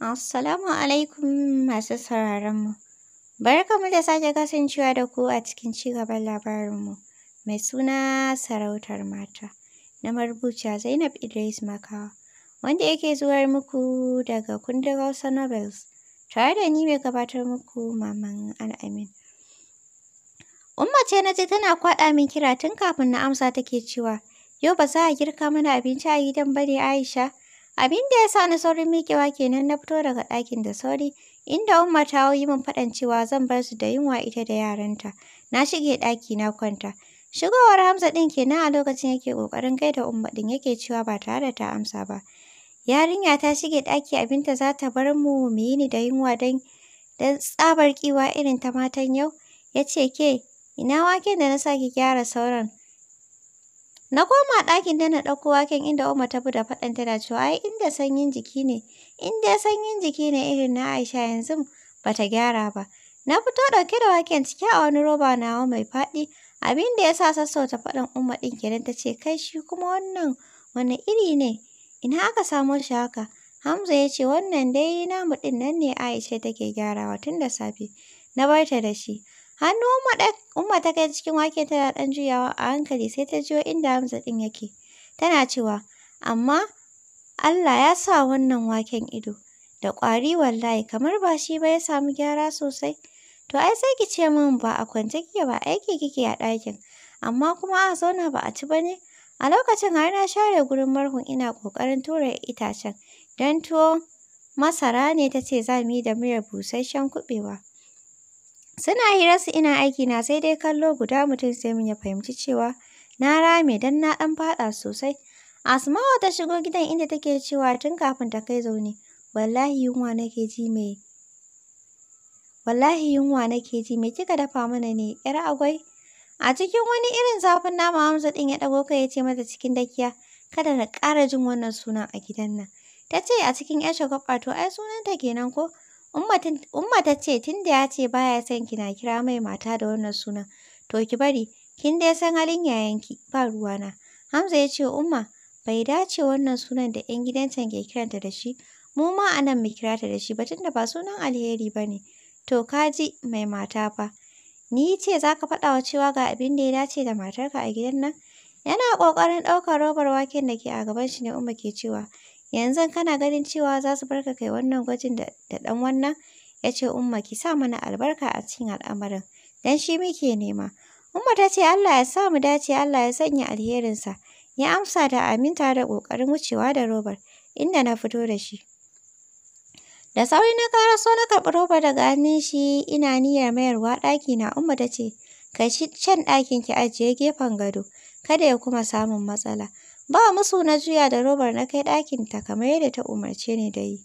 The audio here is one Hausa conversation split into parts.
Assalamu alaikum masu sauraronmu. Barkanmu da sake kasancewa da ku a cikin ci gaban labarinmu mai suna sarautar mata na marubuciya Zainab Idris Makawa wanda yake zuwar muku daga kundin Hausa Novels tare da ni mai gabatar muku Maman Al'amin. Umma ce na ji tana kwaɗa min kira tun kafin na amsa take cewa yau ba za a girka mana abinci a gidan bane Aisha. Abin da ya sa ni saurin miƙewa kenan na fito daga ɗakin da sauri, inda Umma ta yi min faɗan cewa zan bar su da yunwa ita da yaranta. Na shige ɗaki na kwanta. Shigowar Hamza ɗin kenan a lokacin yake ƙoƙarin da Umma ɗin yake cewa ba tare da ta amsa ba. Yarinya ta shige ɗaki abinta za ta bar mu mu yi ni da yunwa don tsabar kiwa irin ta matan yau. Ya ce ke, ina waken da na sa gyara sauran? Na koma ɗakin da na ɗauko waken inda umar ta bi da faɗan tana cewa ai inda sanyin jiki ne, inda sanyin jiki ne irin na Aisha yanzu ba ta gyara ba. Na fito ɗauke da waken ciki a wani roba nawa mai faɗi, abin da ya sa sassauta faɗan umar ɗin kenan ta ce kai shi kuma wannan wani iri ne, ina aka samo shi haka? Hamza ya ce wannan dai namu ɗin nan ne Aisha take gyarawa tun da safe, na bar ta da shi. Hannu Umma ta kai cikin wake tana ɗan juyawa a hankali sai ta jiyo inda Hamza din yake. Tana cewa, amma Allah ya sa wannan waken ido. Da ƙwari wallahi kamar ba shi ba ya samu gyara sosai. To ai sai ki ce min ba a kwance kike ba aiki kike a ɗakin. Amma kuma a zauna ba a ci ba ne. A lokacin har na share gurin marhun ina ƙoƙarin tura itacen. Don tuwo masara ne ta ce za mu yi da miyar busasshen kuɓewa. Suna su ina aiki na sai dai kallo guda mutum sai mun ya fahimci cewa na rame dan na ɗan faɗa sosai. Asma'u ta shigo gidan inda take cewa tun kafin ta kai zaune, wallahi yunwa nake ji mai wallahi yunwa nake ji me kika dafa mana ne yar agwai a cikin wani irin zafin nama Hamza din ya dago kai ya ce mata cikin dakiya kada na ƙara jin wannan sunan a gidan nan ta ce a cikin yar shagwaba to ai sunan kenan ko Umma ta ce tun da ya ce ba son kina kira mai mata da wannan suna to ki bari, kin dai san halin yayanki, ba ruwana. Hamza ya ce Umma, bai dace wannan sunan da 'yan gidan can ke kiranta da shi, mu ma a nan mu kira ta da shi ba tunda ba sunan alheri ba ne. To ka ji mai mata fa. Ni ce za ka faɗa cewa ga abin da ya dace da matarka a gidan nan? Yana ƙoƙarin ɗaukar robar waken da ke a gaban shi ne Umma ke cewa, yanzu kana ganin cewa za su barka kai wannan gwajin da ɗan wannan ya ce umma ki sa mana albarka a cikin al'amarin dan shi muke nema umma ta ce allah ya sa mu dace allah ya sanya alherinsa ya amsa da aminta da ƙoƙarin wucewa da robar inda na fito da shi da sauri na karaso na karɓi roba daga hannun shi ina niyyar mayarwa ɗaki na umma ta ce kai can ɗakin ki ajiye gefen gado kada ya kuma samun matsala Ba musu na juya da robar na kai ɗakinta kamar yadda ta umarce ni da yi.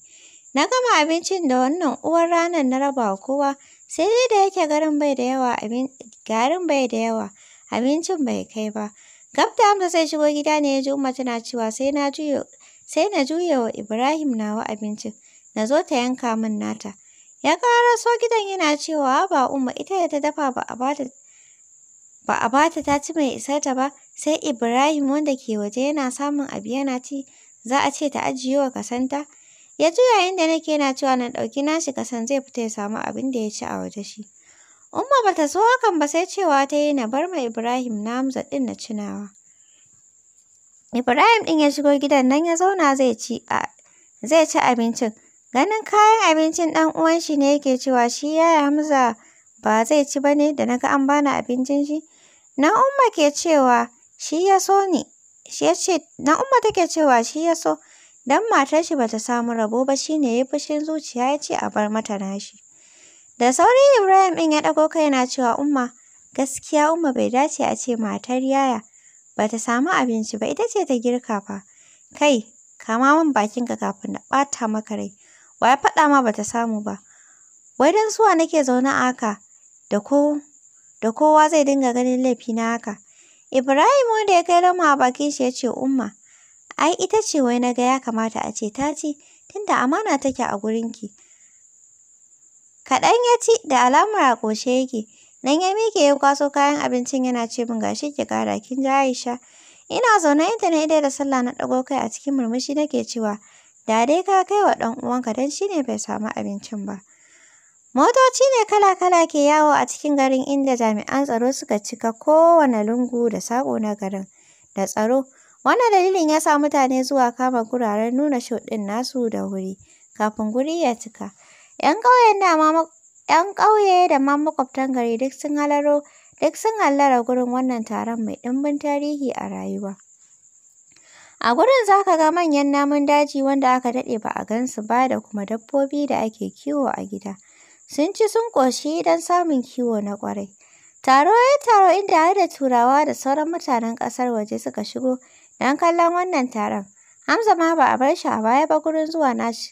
Na gama abincin da wannan uwar ranar na raba wa kowa, sai dai da yake garin bai da yawa garin bai da yawa, abincin bai kai ba. Gab da Hamza zai shigo gida ne ya ji Umma tana cewa sai na juyo sai na juya wa Ibrahim nawa abincin, na zo ta yanka min nata. Ya ƙaraso gidan yana cewa ba Umma ita da ta dafa ba a bata ba a bata ta ci mai isar ta ba sai Ibrahim wanda ke waje yana samun abu yana ci za a ce ta ajiye wa kasanta. Ya juya inda nake yana cewa na ɗauki nashi kasan zai fita ya samu abin da ya ci a waje shi. Umma bata so hakan ba sai cewa ta yi na bar ma Ibrahim na Hamza ɗin na cinawa. Ibrahim ɗin ya shigo gidan nan ya zauna zai ci zai ci abincin. Ganin kayan abincin ɗan uwan shi ne yake cewa shi yaya Hamza ba zai ci ba ne da na ga an bani abincin shi. Na'umma ke cewa shi ya so Na'umma take cewa shi ya so, don matar shi ba ta samu rabo ba shi ne ya yi fushin zuciya ya ce a bar mata nashi. Da sauri Ibrahim ɗin ya ɗago kai yana cewa Umma, gaskiya Umma bai dace a ce matar yaya ba ta samu abinci ba, ita ce ta girka fa. Kai, kama min bakinka kafin na ɓata maka rai. Wa ya faɗa ma ba ta samu ba? Wai don zuwa nake zaune a haka da ko da kowa zai dinga ganin laifina haka. Ibrahim wanda ya kai loma a bakin shi ya ce Umma, ai ita ce wai na ga ya kamata a ce ta ci tunda amana take a gurinki. Kaɗan ya ci da alamar a ƙoshe yake. Nan ya miƙe ya kwaso kayan abincin yana ce min gashi ki ƙara kin ji Aisha. Ina zaune inda na da sallah na ɗago kai a cikin murmushi nake cewa da dai ka kai wa ɗan uwanka don shi ne bai samu abincin ba. Motoci ne kala-kala ke yawo a cikin garin inda jami'an tsaro suka cika kowane lungu da saƙo na garin da tsaro. Wannan dalilin ya sa mutane zuwa kama guraren nuna shuɗin nasu da wuri, kafin guri ya cika. 'Yan ƙauye da ma maƙwabtan gari duk sun halaro duk sun hallara gurin wannan taron mai ɗimbin tarihi a rayuwa. A gurin za ka ga manyan namun daji wanda aka daɗe ba a gansu ba da kuma dabbobi da ake kiwo a gida. Sun ci sun ƙoshi don samun kiwo na ƙwarai. Taro ya taro inda har da Turawa da sauran mutanen ƙasar waje suka shigo don kallon wannan taron. Hamza ma ba a bar shi a baya ba gurin zuwa na shi.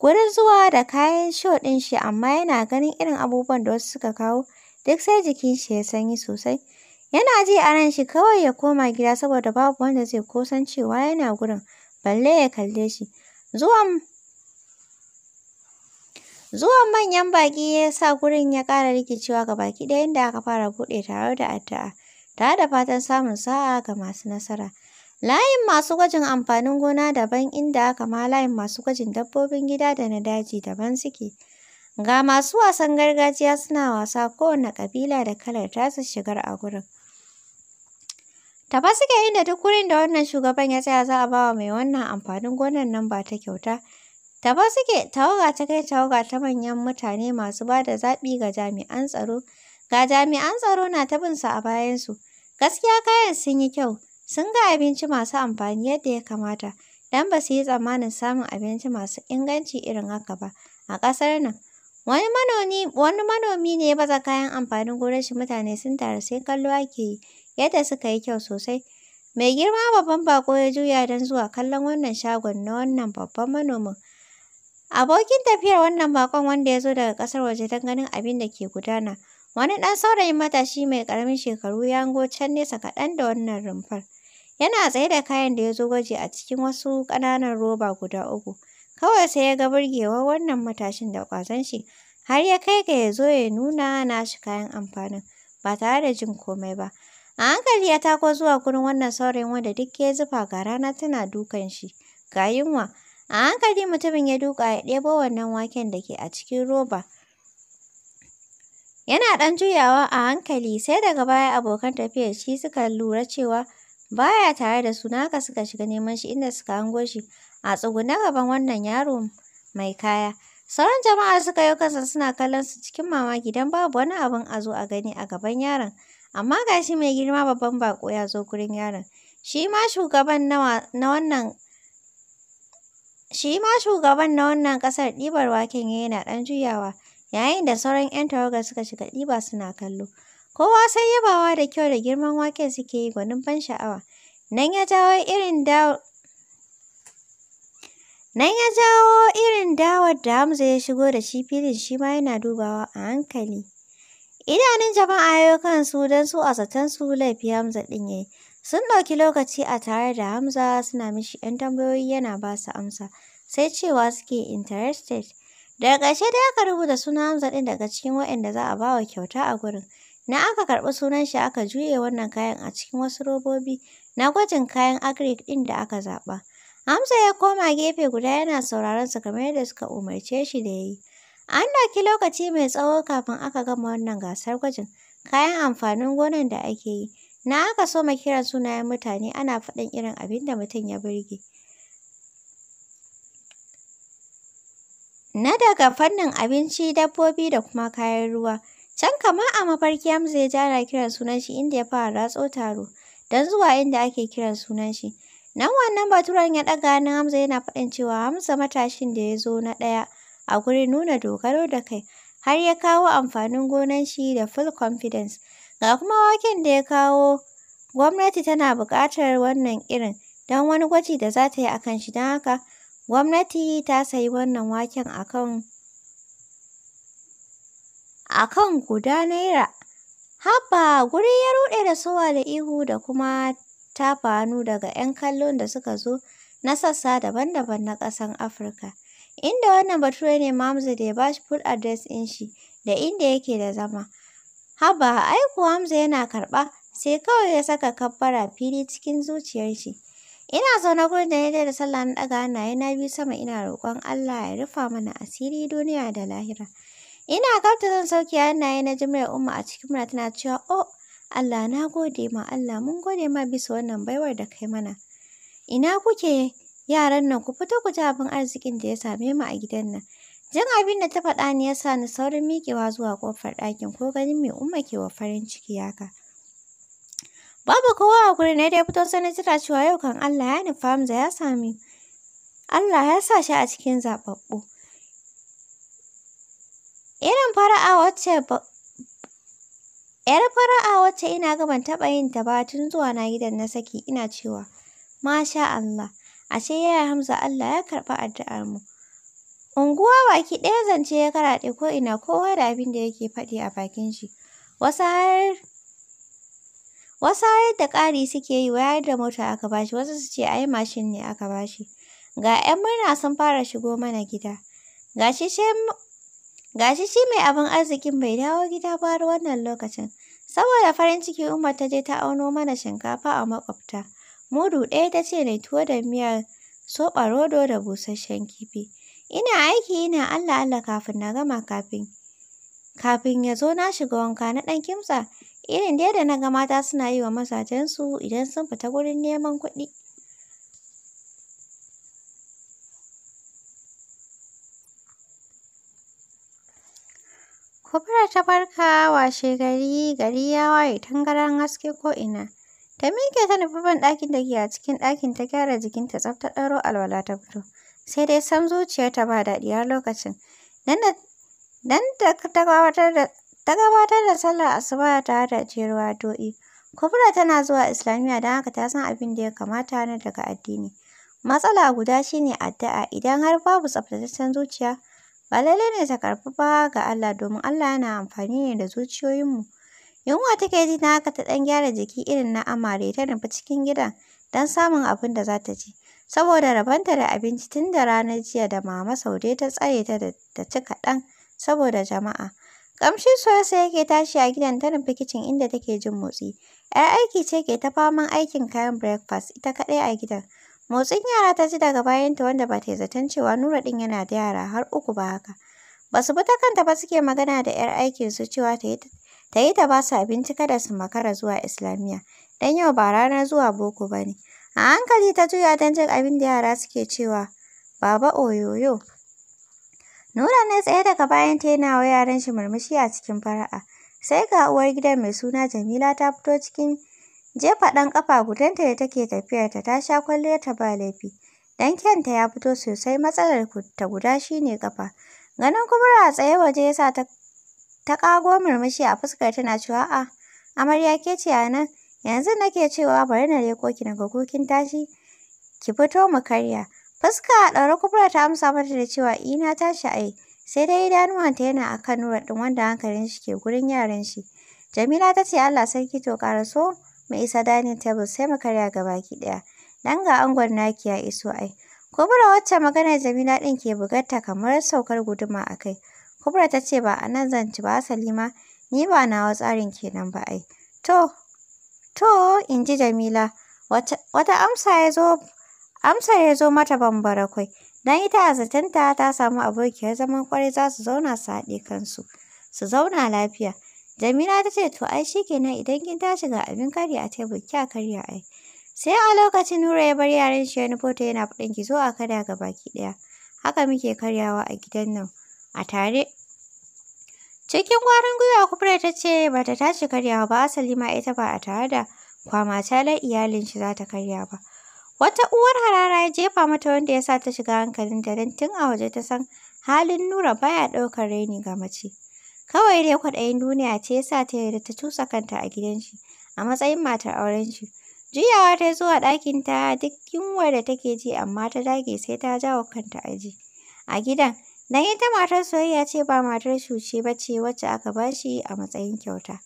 Gurin zuwa da kayan sho ɗin shi amma yana ganin irin abubuwan da wasu suka kawo duk sai jikin shi ya sanyi sosai. Yana ji a ran shi kawai ya koma gida saboda babu wanda zai kusancewa cewa yana gurin balle ya kalle shi. Zuwan Zuwan manyan baƙi ya sa gurin ya ƙara rikicewa ga baki ɗaya inda aka fara buɗe tare da addu'a, tare da fatan samun sa'a ga masu nasara. Layin masu gwajin amfanin gona daban inda aka ma layin masu gwajin dabbobin gida da na daji daban suke. Ga masu wasan gargajiya suna wasa kowane ƙabila da kalar tasu shigar a gurin. Tafa suke inda duk wurin da wannan shugaban ya tsaya za a ba wa mai wannan amfanin gonan nan ba ta kyauta. Taba suke tawaga ta kai tawaga ta manyan mutane masu ba da zaɓi ga jami'an tsaro. Ga jami'an tsaro na ta bin su a bayansu. Gaskiya kayan sun yi kyau. Sun ga abinci masu amfani yadda ya kamata. Dan ba su yi tsammanin samun abinci masu inganci irin haka ba a ƙasar nan. Wani manomi, wani manomi ne ya baza kayan amfanin gonar shi mutane sun taru sai kallo ake yi yadda suka yi kyau sosai. Mai girma babban bako ya juya don zuwa kallon wannan shagon na wannan babban manomin. Abokin tafiyar wannan baƙon wanda ya zo daga ƙasar waje don ganin abin da ke gudana. Wani ɗan saurayin matashi mai ƙaramin shekaru ya hango can nesa kaɗan da wannan rumfar. Yana tsaye da kayan da ya zo gwaji a cikin wasu ƙananan roba guda uku. Kawai sai ya ga burgewar wannan matashin da ƙwazon shi, har ya kai ga ya zo ya nuna nashi kayan amfanin, ba tare da jin komai ba. A hankali ya tako zuwa gurin wannan saurayin wanda duk ya zufa ga rana tana dukan shi, ga yunwa. A hankali mutumin ya duka ya ɗebo wannan waken da ke a cikin roba. Yana ɗan juyawa a hankali sai daga baya abokan tafiyar shi suka lura cewa baya tare da su haka suka shiga neman shi inda suka hango shi a tsuguna gaban wannan yaro mai kaya. Sauran jama'a suka yi kasa suna kallon su cikin mamaki don babu wani abin a zo a gani a gaban yaron. Amma gashi mai girma babban baƙo ya zo gurin yaron. Shi ma shugaban na wannan Shi ma shugaban na wannan ƙasar ɗibar waken ya yi yana ɗan juyawa, yayin da sauran 'yan tawagar suka shiga ɗiba suna kallo. Kowa sai yabawa da kyau da girman waken suke yi gwanin ban sha'awa. Nan ya jawo irin dawar da Hamza ya shigo da shi filin shi ma yana dubawa a hankali. Idanun jama'a ya yi kansu don su a zaton su laifi Hamza ɗin ya yi. Sun ɗauki lokaci a tare da Hamza suna mishi 'yan tambayoyi yana ba su amsa, sai cewa suke interested. Daga ƙarshe dai aka rubuta sunan Hamza ɗin daga cikin waɗanda za a ba wa kyauta a gurin. Na aka karɓi sunan shi aka juye wannan kayan a cikin wasu robobi na gwajin kayan agric ɗin da aka zaɓa. Hamza ya koma gefe guda yana sauraron su kamar yadda suka umarce shi da ya yi. An ɗauki lokaci mai tsawo kafin aka gama wannan gasar gwajin kayan amfanin gonan da ake yi. Na aka so ma kiran sunayen mutane ana faɗin irin abin da mutum ya burge. Na daga fannin abinci, dabbobi da kuma kayan ruwa. Can kama a mafarki Hamza ya jana kiran sunan shi inda ya fara ratso taro don zuwa inda ake kiran sunan shi. Nan wannan baturen ya ɗaga hannun Hamza yana faɗin cewa Hamza matashin da ya zo na ɗaya a gurin nuna dogaro da kai har ya kawo amfanin gonan shi da full confidence. Ga kuma waken da ya kawo gwamnati tana buƙatar wannan irin don wani gwaji da za ta yi a kan shi, don haka gwamnati ta sayi wannan waken a kan a guda naira. Haba! Guri ya ruɗe da sowa da ihu da kuma tafanu daga 'yan kallon da suka zo na sassa daban-daban na ƙasan Afirka. Inda wannan Bature ne Mamza da ya ba shi full address ɗin shi da inda yake da zama. Haba ai kuwa Hamza yana karɓa, sai kawai ya saka kabbara fili cikin zuciyar shi. Ina zaune na da ne da sallah na ɗaga hannaye na biyu sama ina roƙon Allah ya rufa mana asiri duniya da lahira. Ina kafta zan sauke hannaye na jimlar umma a cikin mura tana cewa oh Allah na gode ma Allah mun gode ma bisa wannan baiwar da kai mana. Ina kuke yaran nan ku fito ku ji abin arzikin da ya same mu a gidan nan. Jan abin da ta faɗa ne ya sa ni saurin miƙewa zuwa ƙofar ɗakin ko ganin mai umma ke wa farin ciki haka. Babu kowa a gurin ya dai fito sanin jira cewa yau kan Allah ya nufa Hamza ya sami. Allah ya sa shi a cikin zaɓaɓɓu. Irin fara'a wacce ‘Yar fara'a wacce ina gaban taɓa yin ta ba tun zuwa na gidan na saki ina cewa, Masha Allah, ashe yaya Hamza Allah ya karɓi addu'ar mu. Unguwa baki ɗaya zance ya karaɗe ko'ina kowa da abin da yake faɗi a bakin shi. Wasu har da ƙari suke yi wayar da mota aka bashi, wasu su ce ai mashin ne aka bashi. Ga 'yan murna sun fara shigo mana gida. Ga shi shi mai abin arzikin bai dawo gida ba har wannan lokacin. Saboda farin ciki Umar ta je ta auno mana shinkafa a maƙwabta. Mudu ɗaya ta ce na tuwo da miyar soɓa rodo da busasshen kifi. Ina aiki ina Allah Allah kafin na gama kafin kafin ya zo na shiga wanka na ɗan kimsa, irin dai da na ga mata suna yi wa masajensu idan sun fita gurin neman kuɗi. Kubura ta barka washe gari gari ya waye tangaran haske ko'ina. Ta miƙe ta nufi ɗakin da ke a cikin ɗakin ta gyara jikinta tsaf ta alwala ta fito. sai dai sam zuciyarta ba daɗi har lokacin. nan da ta gabatar da ta gabatar da sallar asuba ta da do'i. Kubra tana zuwa Islamiyya don haka ta san abin da ya kamata na daga addini. Matsala guda shine addu'a idan har babu tsaftataccen zuciya ba lallai ne ta karɓi ba ga Allah domin Allah yana amfani ne da zuciyoyinmu. Yunwa take ji na haka ta ɗan gyara jiki irin na amare ta nufi cikin gidan don samun abin da za ta ci. saboda rabonta da abinci tun da ranar jiya da mama saude ta tsare ta da ci kaɗan saboda jama'a. Ƙamshin soyarsa yake tashi a gidan ta nufi kicin inda take jin motsi. ‘Yar aiki ce ke ta faman aikin kayan breakfast ita kaɗai a gidan. Motsin yara ta ji daga bayanta wanda ba ta yi zaton cewa Nura ɗin yana da yara har uku ba haka. Ba su bi ta kanta ba suke magana da ‘yar aikin su cewa ta yi ta yi ta ba su abinci kada su makara zuwa Islamiyya. Dan yau ba ranar zuwa boko ba ne. A hankali ta juya don jin abin da yara suke cewa, Baba oyoyo. Nura ne tsaye daga bayan ta yana wa yaran shi murmushi a cikin fara'a. Sai ga uwar gidan mai suna Jamila ta fito cikin jefa ɗan ƙafa gudanta da take tafiyarta ta sha ta ba laifi. Dan kyanta ya fito sosai matsalar ta guda shi ne ƙafa. Ganin kubura a tsaye waje ya sa ta ta ƙago murmushi a fuskar tana cewa a amarya ke ce a nan yanzu nake cewa bari na leko ki na ga kokin tashi ki fito mu karya fuska a ɗaure kubura ta amsa mata da cewa ina tashi ai sai dai idanuwanta yana akan nura ɗin wanda hankalin shi ke gurin yaran shi jamila ta ce allah sarki to so mu isa dining table sai mu karya baki ɗaya dan ga angon naki ya iso ai kubura wacce maganar jamila ɗin ke bugarta kamar saukar guduma a kai kubura ta ce ba a nan zan ci ba salima ni ba nawa tsarin kenan ba ai to To, in ji Jamila, wata amsa ya zo mata bambara kwai. Don ita a zatanta ta samu abokiyar zaman kwarai za su zauna su haɗe kansu, su zauna lafiya. Jamila ta ce, to ai shi kenan idan kin tashi ga abin kari a tebur kya karya ai. Sai a lokacin Nura ya bar yaren shi ya nufo yana faɗin ki zo a kada ga baki ɗaya. Haka muke karyawa a gidan nan, a tare. Cikin gwarin gwiwa Kubura ta ce ba ta tashi karyawa ba asali ma ita ba a tare da kwama talar iyalin shi za ta karya ba. Wata uwar harara ya jefa mata wanda ya sa ta shiga hankalin da don tun a waje ta san halin Nura baya ɗaukar raini ga mace. Kawai dai kwaɗayin duniya ce ya sa ta yarda ta cusa kanta a gidan shi a matsayin matar auren shi. Juyawa ta zuwa ɗakin ta duk yunwar da take ji amma ta dage sai ta jawo kanta aji. A gidan Dan ita matar soyayya ce ba matar cuce ba ce wacce aka ba shi a matsayin kyauta.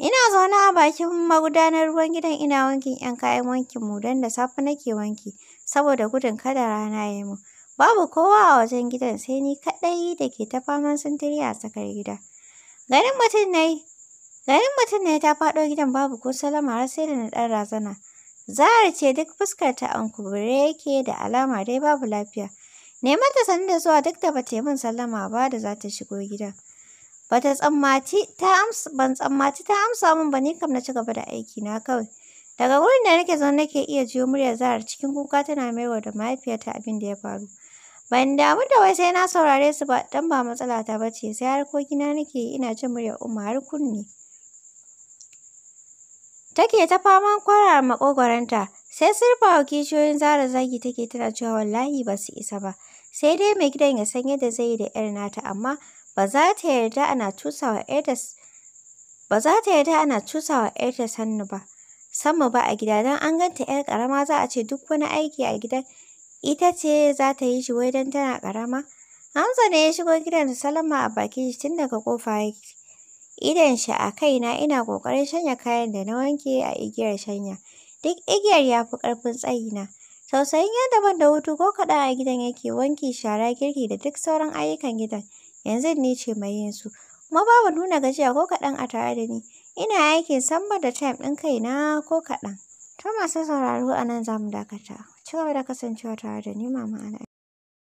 Ina zaune a bakin magudanar ruwan gidan ina wankin 'yan kayan wankin mu don da safe nake wanki saboda gudun kada rana ya mu. Babu kowa a wajen gidan sai ni kaɗai da ke ta faman sintiri a tsakar gida. Ganin mutum ne mutum ne ta faɗo gidan babu ko salama har sai da na ɗan razana. Zahra ce duk fuskar ta an kubure yake da alama dai babu lafiya. Neman ta sanin da zuwa duk da bata yi min sallama ba da za ta shigo gidan. Bata tsammaci ta amsa ban tsammaci ta amsa min ba ni kam na ci gaba da aiki na kawai. Daga wurin da nake zaune nake iya jiyo muryar Zahra cikin kuka tana maiwa da mahaifiyarta abin da ya faru. Ban damu da wai sai na saurare su ba dan ba matsala ta ce, sai harkokina nake yi ina jin muryar Umma har kunne. Take ta faman kwarara makogwaranta Sai sirfa wa kishiyoyin Zara zagi take tana cewa wallahi ba su isa ba. Sai dai mai gidan ya san yadda zai yi da 'yar nata amma ba za ta yarda ana tusawa 'yarta ba ta cusawa ‘yarta sannu ba, sanmu ba a gida don an ganta ‘yar karama za a ce duk wani aiki a gidan ita ce za ta yi shi wai don tana karama Hamza ne ya shigo gidan da Salama a bakin shi tun daga ƙofa yake. Idon shi a kaina ina ƙoƙarin shanya kayan da na wanke a igiyar shanya. duk igiyar ya fi ƙarfin tsayina. Tausayin ya daban da hutu ko kaɗan a gidan yake wanki, shara, girki da duk sauran ayyukan gidan. Yanzu ni ce mai yin su. Kuma babu nuna gajiya ko kaɗan a tare da ni. Ina aikin samar da time ɗin kaina ko kaɗan. Ta masu sauraro a nan za mu dakata. Ci gaba da kasancewa tare da ni Mama Ana.